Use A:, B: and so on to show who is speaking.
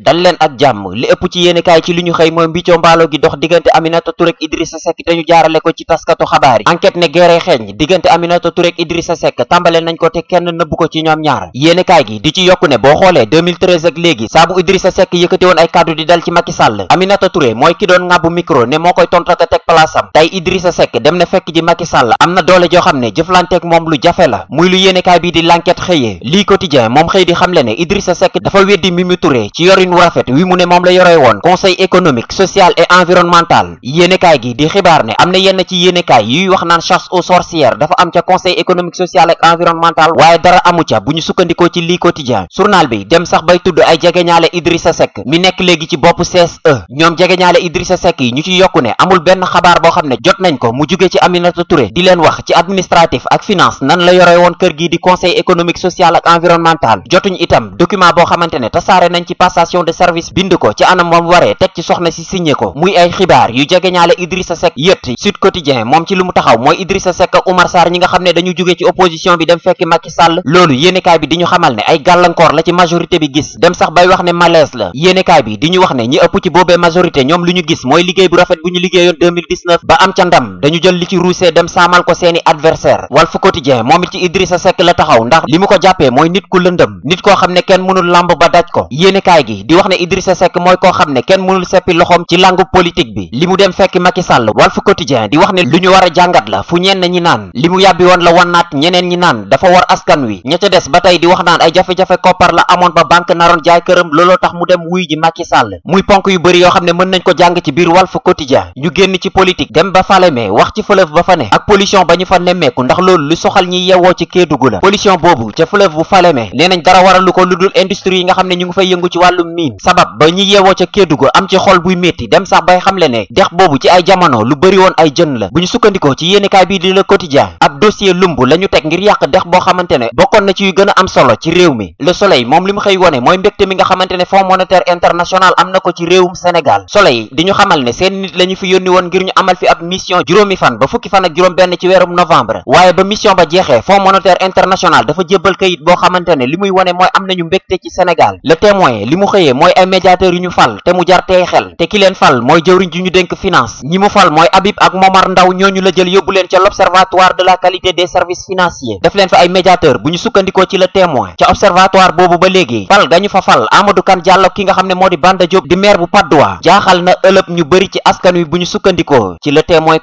A: dal leen ak jàmm li ëpp ci yéenekaay ci li ñu xëy mooy mbiccoo mbaalo gi dox diggante Aminata Touré ak Idrissa Seck te ñu jaarale ko ci taskatu xabaar yi enquête ne géré xeeñ diggante Aminata Touré ak Idrissa Seck tàmbale nañ ko te kenn nëbb ko ci ñoom ñaar yéenekaay gi di ci yokku ne boo xoolee 2013 ak léegi saa bu Idrissa Seck yëkkati ay kàddu di dal ci Macky Sall Aminata Touré mooy ki doon ŋàbbu ne moo koy tontaka teg place am tey Idrissa Seck dem na fekk ji Macky Sall ne jëflanteeg moom lu jafe la muy lu yéenekaay doxalin wu wi mu ne mom la yoray won conseil économique social et environnemental kay gi di xibar ne amna yene ci yene kay yu wax nan chasse aux sorcières dafa am ci conseil économique social et environnemental waye dara amu ci buñu sukkandiko ci Li quotidien journal bi dem sax bay tuddu ay jegeñaale Idrissa Seck mi nek léegi ci bop CSE ñom Idrissa Seck ñu ci yokku ne amul benn xabar bo xamne jot nañ ko mu ci Aminata Touré di len wax ci administratif ak finance nan la yoray won kër gi di conseil économique social et environnemental jotuñ itam document bo xamantene ne nañ ci passation passation de bind ko ci anam wam waree teg ci soxna si signé ko muy ay xibaar yu jege ñaale Idrissa Seck yët Sud Quotidien moom ci lu taxaw mooy Idrissa Seck ak Oumar Sarr ñi nga xam ne dañu jóge ci opposition bi dem fekki Macky ci majorité bi yéenekaay bi di ñu wax ne ñi ëpp ci boobee majorité ñoom lu ñu gis mooy liggéey bu rafet bu ñu liggéeyoon 2019 ba am ca ndam dañu jël li ci ruusee dem saamal ko seeni adversaire Walf Quotidien moom it ci Idrissa Seck la taxaw di wax ne Idrissa Seck moy ko xamne ken mënul seppi loxom ci langue politique bi limu dem fekk Macky Sall Walf Quotidien di wax ne luñu wara jangat la fu ñen ñi naan limu yabbi won la wannaat ñeneen ñi naan dafa war askan wi ña ca des di wax naan ay jafe ko par la amone ba banque naron jaay kërëm lolo tax mu dem wuy ji Macky Sall muy ponk yu bari yo xamne mën nañ ko jang ci biir Walf Quotidien ñu genn ci politique dem ba Falémé wax ci fleuve ba fa né ak pollution bañu fa némé nemmeeku ndax loolu lu soxal ñi yewo ci Kédougou la pollution bobu ci fleuve bu Falémé nee nañ dara ko industrie yi nga xamne ñu ngi fay yëngu ci am miin sabab ba ñu yeewoo ca Kédougou am ci xol buy métti dem sax bay xamle ne dex boobu ci ay jamono lu bëri ay jën la bu ñu sukkandikoo ci yéenekaay bii di Le Quotidien ab dossier lumb la ñu teg ngir yàq dex boo xamante bokkoon na ci yu gën a am solo ci réew mi Le Soleil moom li mu xëy wone mooy mbégte mi nga xamante ne Fonds monétaire international am na ko ci réewum Sénégal Soleil di ñu xamal ne seen nit la fi yónni woon ngir ñu amal fi ab mission juróomi fan ba fukki fan benn ci weerum novembre waaye ba mission ba jeexee Fonds monétaire international dafa ne li muy wone mooy am nañu mbégte ci xëyee mooy ay médiateurs yu ñu fal te mu jar tey te ki leen fal mooy jëwriñ ji ñu dénk finance ñi mu fal mooy Habib ak Momar Ndaw ñooñu la jël yóbbu leen ca l'observatoire de la qualité des services financiers def leen fa ay médiateur bu ñu sukkandikoo ci le témoin ca observatoire boobu ba léegi fal gañu fa fal Amadou Kane ki nga xam ne moo di Banda di maire bu Patte d'Oie jaaxal na ëlëb ñu bëri ci askan wi bu ñu sukkandikoo ci le témoin